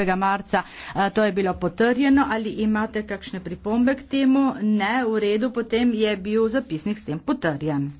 1. marca to je bilo potrjeno. Ali imate kakšne pripombe k temu? Ne, v redu, potem je bil zapisnik s tem potrjen.